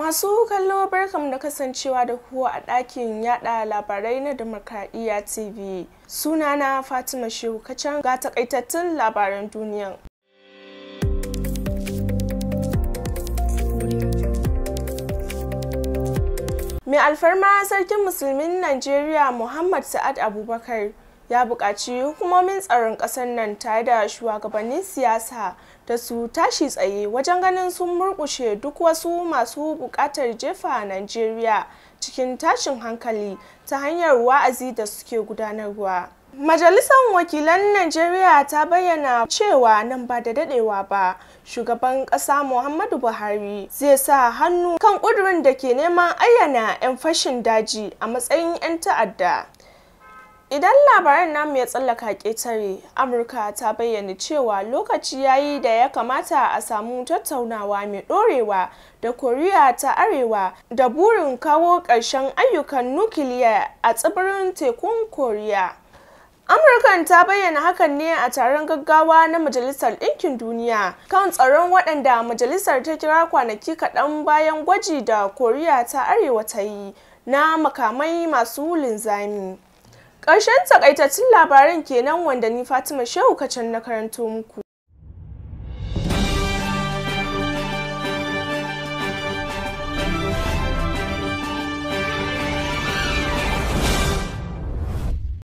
Masu kallo barkam da kasancewa da kuwa a ɗakin yada labarai na Demokradiyya TV. Sunana Fatima Shehu Kacan ga takaitattun labaran duniyan. Mai alfarma sarkin musulmin Najeriya Muhammad Sa'ad Abubakar ya buƙaci hukumomin tsaron ƙasar nan tare da shugabannin siyasa da su tashi tsaye wajen ganin sun murƙushe duk wasu masu buƙatar jefa Najeriya cikin tashin hankali ta hanyar wa'azi da suke gudanarwa. Majalisar Wakilan Najeriya ta bayyana cewa nan ba da dadewa ba shugaban ƙasa Muhammadu Buhari zai sa hannu kan ƙudurin da ke neman ayyana 'yan fashin daji a matsayin 'yan ta'adda. Idan labaran namu ya tsallaka ketare Amurka ta bayyana cewa lokaci ya yi da ya kamata a samu tattaunawa mai ɗorewa da Koriya ta Arewa da burin kawo ƙarshen ayyukan nukiliya a tsibirin tekun Koriya. Amurkan ta bayyana hakan ne a taron gaggawa na Majalisar Ɗinkin Duniya kan tsaron waɗanda majalisar ta kira kwanaki kaɗan bayan gwaji da Koriya ta Arewa ta yi na makamai masu linzami. Ƙarshen takaitattun labaran kenan wanda ni Fatima Shehu Kacan na karanto muku.